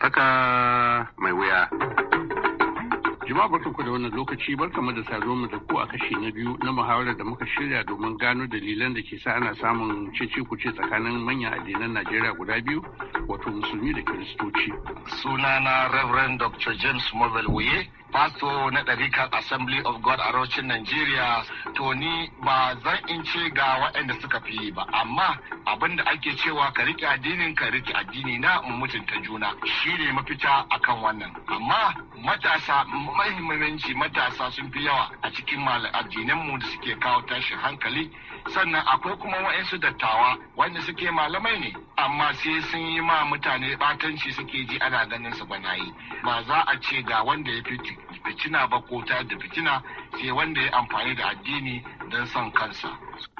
Saka mai wuya. Jama'a barkanku da wannan lokaci barkanmu da sado mu da ku a kashi na biyu na muhawarar da muka shirya domin gano dalilan da ke sa ana samun cece kuce tsakanin manyan addinan Najeriya guda biyu wato musulmi da kiristoci. Sunana Reverend Dr. James Mobile Wuye pasto na ɗarikar assembly of god a rocin nigeria to ni ba zan in ce ga waɗanda suka fi ba amma abin da ake cewa ka riƙe addinin ka riƙe addini na mutunta juna shine mafita akan wannan amma matasa mahimmanci matasa sun fi yawa a cikin addinan mu da suke kawo tashin hankali sannan akwai kuma wa'insu dattawa wanda suke malamai ne amma sai sun yi ma mutane batanci suke ji ana ganin su na yi ba za a ce ga wanda ya fi fitina ba ko ta da fitina sai wanda ya amfani da addini don son kansa.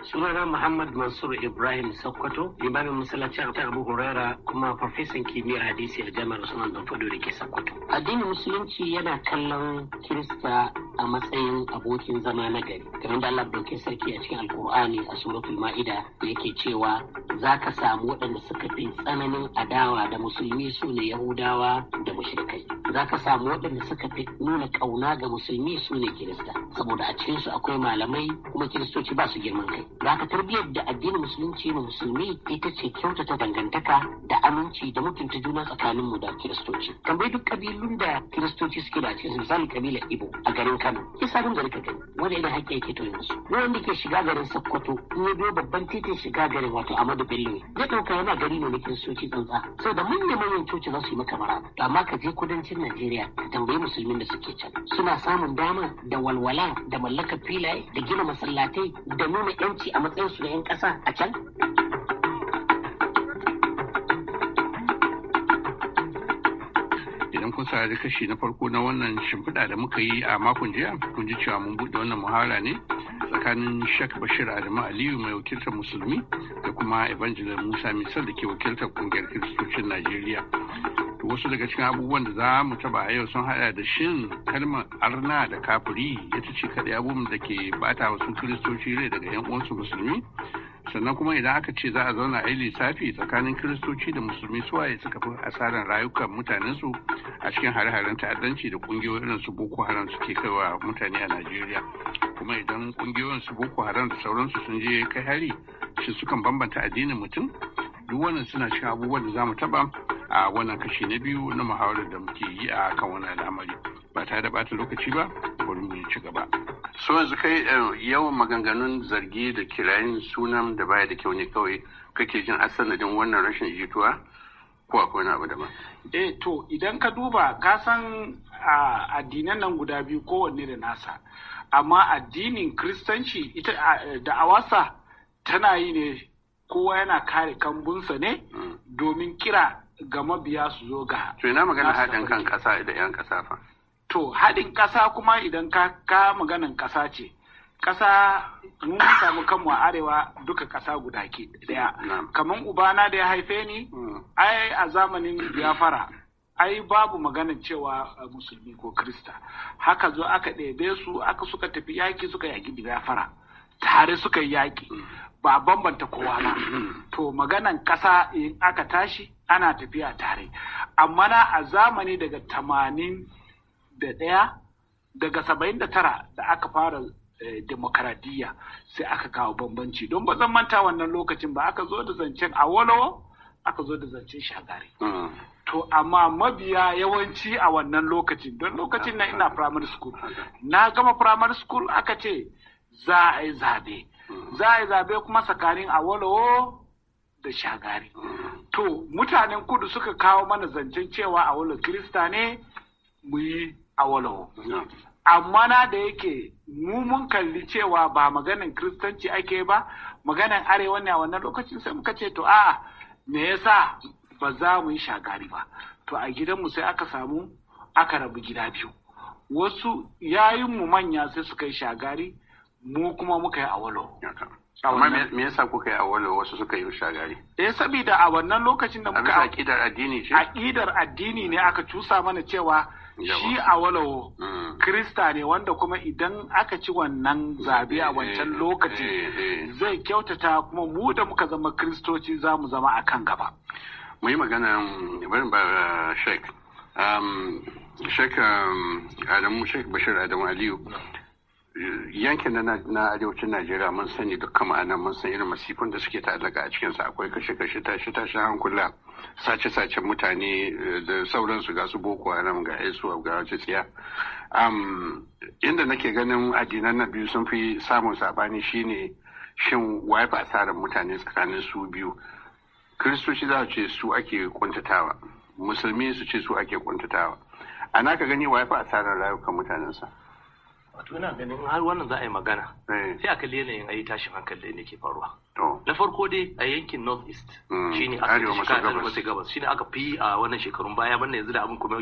sunana muhammad mansur ibrahim sokoto imamin masallacin ta abu huraira kuma farfesan kimiyyar hadisi a jami'ar usman dan fado da ke sokoto addinin musulunci yana kallon kirista a matsayin abokin zama na gari kamar da allah dauke sarki a cikin alkur'ani a suratul ma'ida da yake cewa za ka samu waɗanda suka fi tsananin adawa da musulmi su ne yahudawa da mushrikai za ka samu waɗanda suka fi nuna ƙauna ga musulmi su ne kirista saboda a cikin su akwai malamai kuma kiristoci ba su girman kai za ka tarbiyyar da addinin musulunci ma musulmi ita ce kyautata dangantaka da aminci da mutunta juna tsakanin mu da kiristoci tambayi duk kabilun da kiristoci suke da cikin misali kabilar ibo a garin kano ke sabon gari ka gani wanda idan haƙƙi yake toyin su wanda ke shiga garin sokoto in ya biyo babban titin shiga garin wato amadu bello ya ɗauka yana gari ne na kiristoci tsantsa saboda manyan manyan coci za su yi maka mara amma ka je kudancin cikin Najeriya ka tambayi musulmin da suke can suna samun dama da walwala da mallakar filaye da gina masallatai da nuna yanci a matsayin su 'yan ƙasa a can. idan kun saurari kashi na farko na wannan shimfiɗa da muka yi a makon jiya kun ji cewa mun buɗe wannan muhara ne tsakanin Sheikh Bashir Adamu Aliyu mai wakiltar musulmi da kuma Evangelist Musa Misal da ke wakiltar kungiyar kiristocin Najeriya. wasu daga cikin abubuwan da za mu taba a yau sun hada da shin kalmar arna da kafuri ita ce kaɗai abubuwan da ke bata wasu kiristoci rai daga yan uwansu musulmi sannan kuma idan aka ce za a zauna a yi lissafi tsakanin kiristoci da musulmi suwaye suka fi asarar rayukan mutanensu a cikin hare-haren ta'addanci da kungiyoyin irin su boko haram suke kaiwa mutane a najeriya kuma idan kungiyoyin su boko haram da sauransu sun je kai hari shi sukan bambanta addinin mutum duk wannan suna cikin abubuwan da za mu taba a wannan kashi na biyu na muhawarar da muke yi a kan wannan al'amari ba tare da bata lokaci ba bari mu ci gaba so yanzu kai eh, yawan maganganun zargi da kirayen sunan da baya da kyau ne kawai kake jin asanadin wannan rashin jituwa ko akwai wani abu daban eh to idan ka duba ka san addinan nan guda biyu kowanne da nasa amma addinin Kiristanci ita da awasa tana yi ne kowa yana kare kambunsa ne mm. domin kira ga mabiya su zo ga to ina magana haɗin kan ƙasa da 'yan ƙasa fa to haɗin ƙasa kuma idan ka ka maganan ƙasa ce ƙasa mun samu kanmu a arewa duka ƙasa guda ke ɗaya kamar ubana da ya haife ni hmm. ai a zamanin biyafara ai babu maganin cewa musulmi ko krista haka zo aka ɗebe su aka suka tafi yaƙi suka yaƙi biyafara tare suka yi yaƙi hmm. ba bambanta kowa ba to maganan ƙasa in aka tashi ana tafiya tare amma na a zamani daga tamanin da ɗaya daga saba'in da tara da aka fara eh, demokaradiyya sai aka kawo bambanci don ba zan manta wannan lokacin ba aka zo da zancen a awolowo aka zo da zancen shagari mm. to amma mabiya yawanci a wannan lokacin don lokacin na ina primary school mm. na gama primary school aka ce za a yi zabe za a yi zaɓe kuma tsakanin awolowo da shagari to mutanen kudu suka kawo mana zancen cewa walo kirista ne mu yi awolowo amma na da yake mu mun kalli cewa ba maganin kristanci ake ba maganin arewa ne a wannan lokacin sai muka ce to a me yasa ba za mu yi shagari ba to a gidanmu sai aka samu aka rabu gida biyu wasu yayinmu manya sai suka yi shagari mu kuma muka yi awalo. Amma me yasa kuka yi awalo wasu suka yi shagari? Eh sabida a wannan lokacin da muka aqidar addini ce. Aqidar addini ne aka cusa mana cewa shi awalo mm. Krista ne wanda kuma idan aka ci wannan zabe a eh, wancan lokaci eh, eh, zai kyautata kuma mu da muka zama Kristoci za mu zama a kan gaba. Mu yi magana bari ba shek. Uh, shek um, um, Adamu Shek Bashir Adamu Aliyu. yankin na arewacin najeriya mun sani duk ma'ana mun san irin masifin da suke ta'allaka a cikin akwai kashe-kashe tashi tashi hankula sace-sace mutane eh, da sauransu ga su boko nan ga isu ga wace tsiya inda nake ganin addinan na biyu sun fi samun sabani shine shin waye ba tsarin mutane tsakanin su biyu kiristoci za su ce su ake kuntatawa musulmi su ce su ake kuntatawa ana ka gani waye ba asarar rayukan mutanensa wato ina ganin har wannan za a yi magana eh. sai a kalli yanayin ayi tashin hankali da ke faruwa na farko dai a yankin north east mm. shine aka yi shiga arewa masu gabas shine aka fi a wannan shekarun baya banda yanzu da abin kuma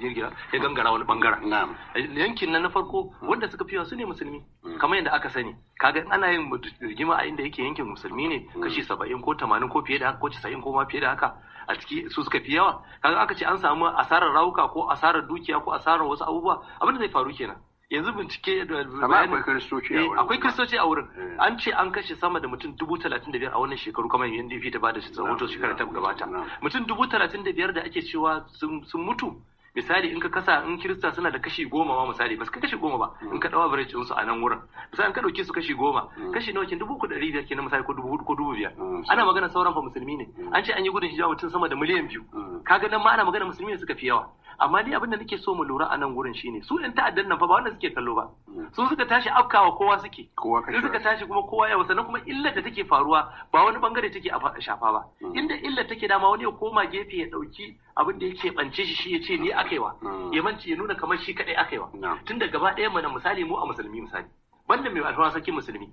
ya gangara wani bangaren yankin nan na farko mm. wanda suka fi su ne musulmi mm. kamar yadda aka sani kaga ana yin rigima a inda yake yankin musulmi ne kashi saba'in ko tamanin ko fiye da haka ko casa'in ko ma fiye da haka a ciki su suka fi yawa kaga aka ce an samu asarar rauka ko asarar dukiya ko asarar wasu abubuwa abin da zai faru kenan yanzu bincike da akwai kristoci eh, a wurin akwai kristoci a wurin an ce an kashe sama da mutum dubu talatin da biyar a wannan shekaru kamar UNDP ta bada shi rahoto shekara ta gabata mutum dubu talatin da biyar da ake cewa sun mutu misali in ka kasa in kirista suna da kashi goma ma misali ba su kashi goma ba in ka dawa average su a nan wurin misali in ka dauke su kashi goma mm. kashi nawa kin dubu ku dari biyar kenan misali ko dubu hudu ko dubu biyar mm, ana magana sauran fa musulmi ne mm. an ce an yi gudun hijira mutum sama da miliyan biyu kaga nan ma ana magana musulmi ne suka fi yawa amma ni abin da nake so mu lura a nan gurin shine su ɗan ta'addan nan fa ba wanda suke kallo ba mm. su suka tashi afkawa kowa suke su suka tashi kuma kowa yawa sannan kuma illar da take faruwa ba wani bangare take a shafa ba mm. inda illar take dama wani ya koma gefe ya dauki abin da yake bance shi shi ya ce ni akaiwa mm. ya manci ya nuna kamar shi kadai akaiwa tun da gaba ɗaya mana misali mu a musulmi misali banda mai alfawa sarkin musulmi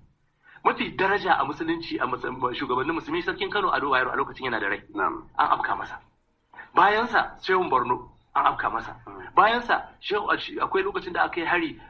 mafi daraja a musulunci a shugabannin musulmi sarkin Kano a Bayero a lokacin yana da rai an afka masa bayansa sai Borno an afka masa bayansa akwai lokacin da aka yi hari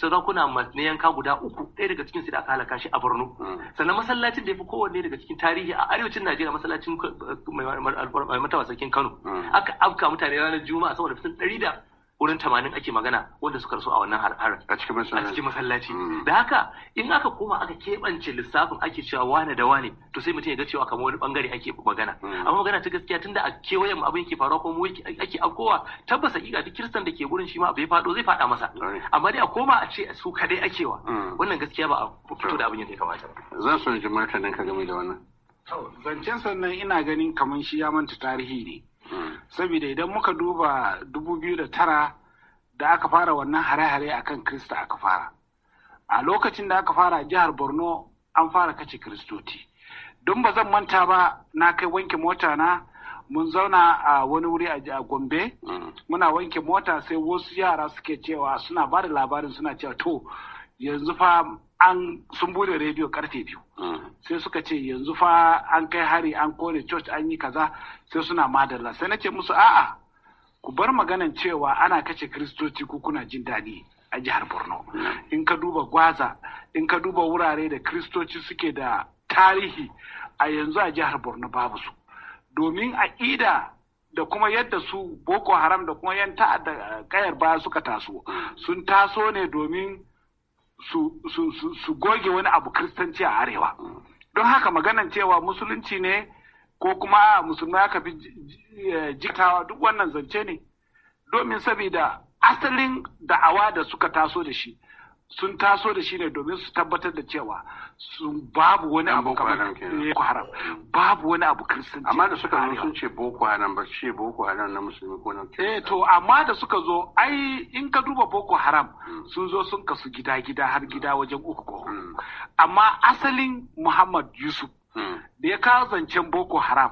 sarakuna na yanka guda uku ɗaya daga cikin su da aka halaka shi a borno sannan masallacin da ya fi kowanne daga cikin tarihi a arewacin najeriya masallacin mai matawa sarkin kano aka afka mutane ranar juma'a saboda fitin ɗari da wurin tamanin ake magana wanda suka rasu a wannan harharar a cikin masallaci mm. da haka in aka koma aka keɓance lissafin ake cewa wane da wane to sai mutum ya ga cewa kamar wani bangare ake magana mm. amma magana ta gaskiya tunda a kewayen mu abin ke faruwa ko mu ake afkowa tabbas hakika duk kiristan da ke gurin shi ma abu ya faɗo zai faɗa masa amma dai a koma a ce su kadai ake wa mm. wannan gaskiya ba a fito da abin yadda ya kamata ba zan in ji martanin ka game da wannan zancen sannan ina ganin kamar shi ya manta tarihi ne saboda idan muka duba 2009 da tara da aka fara wannan hare-hare a kan kirista aka fara a lokacin da aka fara jihar borno an fara kace kiristoti. don ba zan manta ba na kai wanke mota na mun zauna a wani wuri a gombe mm. muna wanke mota sai wasu yara suke cewa suna ba da labarin suna cewa to yanzu fa an sun bude rediyo karfe biyu mm. sai suka ce yanzu fa an kai hari an kone church an yi kaza sai suna madalla sai nace musu a'a ku bar maganan cewa ana kace kristoci ko kuna jin daɗi a jihar borno mm. in ka duba gwaza in ka duba wurare da kristoci suke da tarihi a yanzu a jihar borno babu su domin a Ida da kuma yadda su boko haram da kuma yan ta'adda kayar baya suka taso mm. sun taso ne domin su goge wani abu kristanci a arewa don haka maganan cewa musulunci ne ko kuma musulmai aka fi eh, jikawa duk wannan zance ne domin sabida asalin da'awa da suka taso da shi sun taso da shi ne domin su tabbatar da cewa sun babu wani abu kamar boko haram babu wani abu kristanci amma da suka zo sun ce boko haram ba ce boko haram na musulmi ko na eh to amma da suka zo ai in ka duba boko haram hmm. sun zo sun kasu gida gida har gida hmm. wajen uku ko hmm. amma asalin muhammad yusuf da ya kawo zancen boko haram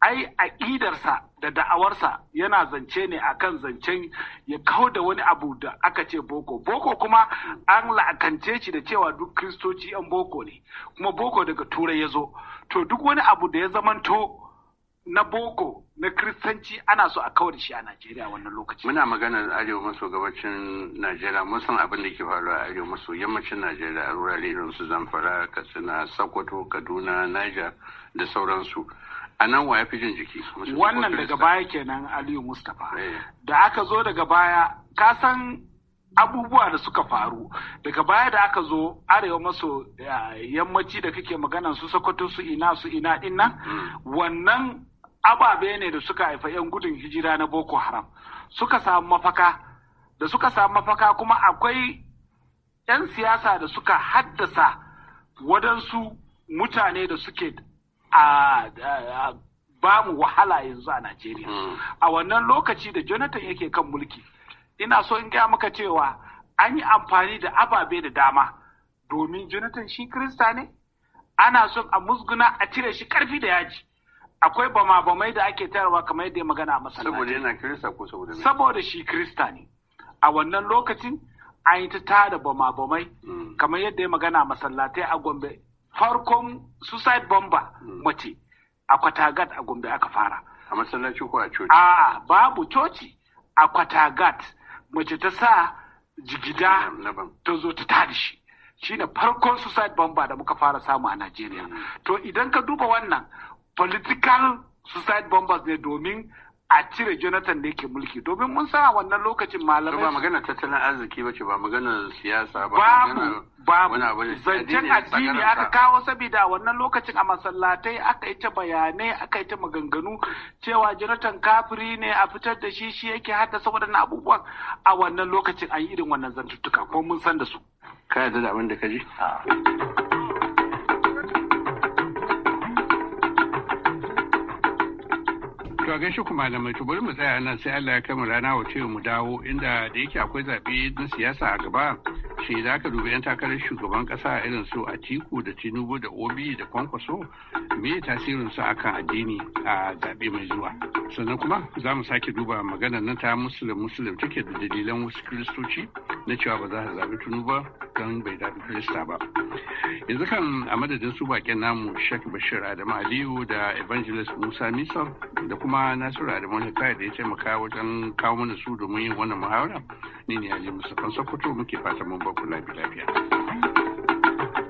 ai idarsa. da da'awarsa yana zance ne kan zancen ya kawo da wani abu da aka ce boko boko kuma an la'akance shi da cewa duk kristoci yan boko ne kuma boko daga turai ya zo to duk wani abu da ya zamanto na boko na kristanci ana so a kawar shi a najeriya wannan lokaci muna maganar arewa maso gabacin najeriya mun san abin da ke faruwa a arewa maso yammacin najeriya a wurare irin su zamfara katsina sokoto kaduna niger da sauransu a nan wa ya fi jin jiki wannan daga baya kenan aliyu mustapha eh. da aka zo daga baya ka san abubuwa da suka faru daga baya da aka zo arewa maso yammaci da kake magana su sokoto su ina su ina dinnan hmm. wannan ababe ne da suka haifa 'yan gudun hijira na boko haram suka samu mafaka da suka samu mafaka kuma akwai 'yan siyasa da suka haddasa wadansu mutane da suke a ba mu wahala yanzu a Najeriya. Hmm. A wannan lokaci da Jonathan yake kan mulki, ina so in gaya maka cewa an yi amfani da ababe da dama domin Jonathan shi Kirista ne, ana so a musguna a cire shi karfi da yaji. Akwai bama bamai da ake tayarwa kamar yadda ya magana a masallaci. Saboda yana Kirista ko saboda Saboda shi Kirista ne. A wannan lokacin an yi ta tara bama bamai hmm. kamar yadda ya magana a masallatai a Gombe farkon suicide bomber hmm. mace a kwatagat a gombe aka fara a masallaci ko a coci a babu coci a kwatagat mace ta sa jigida ta zo ta tada shi shine farkon suicide bomber da muka fara samu a Najeriya hmm. to idan ka duba wannan political suicide bombers ne domin a cire Jonathan da yake mulki domin mun san a wannan lokacin malamai ba magana tattalin arziki ba ce ba magana siyasa ba babu zancen addini aka kawo saboda wannan lokacin a masallatai aka yi ta bayanai aka yi ta maganganu cewa Jonathan kafiri ne a fitar da shi shi yake haddasa waɗannan abubuwan a wannan lokacin an yi irin wannan zantuttuka ko mun san da su ka yarda da abin da ka ji To gaishe ku malamai to bari mu tsaya nan sai Allah ya kama rana wa ce mu dawo inda da yake akwai zaɓe na siyasa a gaba shi za ka dubi 'yan takarar shugaban ƙasa irin su a Atiku da Tinubu da Obi da Kwankwaso me tasirin su akan addini a zaɓe mai zuwa. sannan kuma za mu sake duba magana na ta musulun musulun take da dalilan wasu kiristoci na cewa ba za a zaɓi tunu ba don bai zaɓi kirista ba yanzu kan a madadin su bakin namu shek bashir adamu aliyu da evangelist musa misal da kuma nasiru adamu hikaya da ya taimaka wajen kawo mana su domin yin wannan muhawara ni ne ali musa sokoto muke fatan mun ba ku lafiya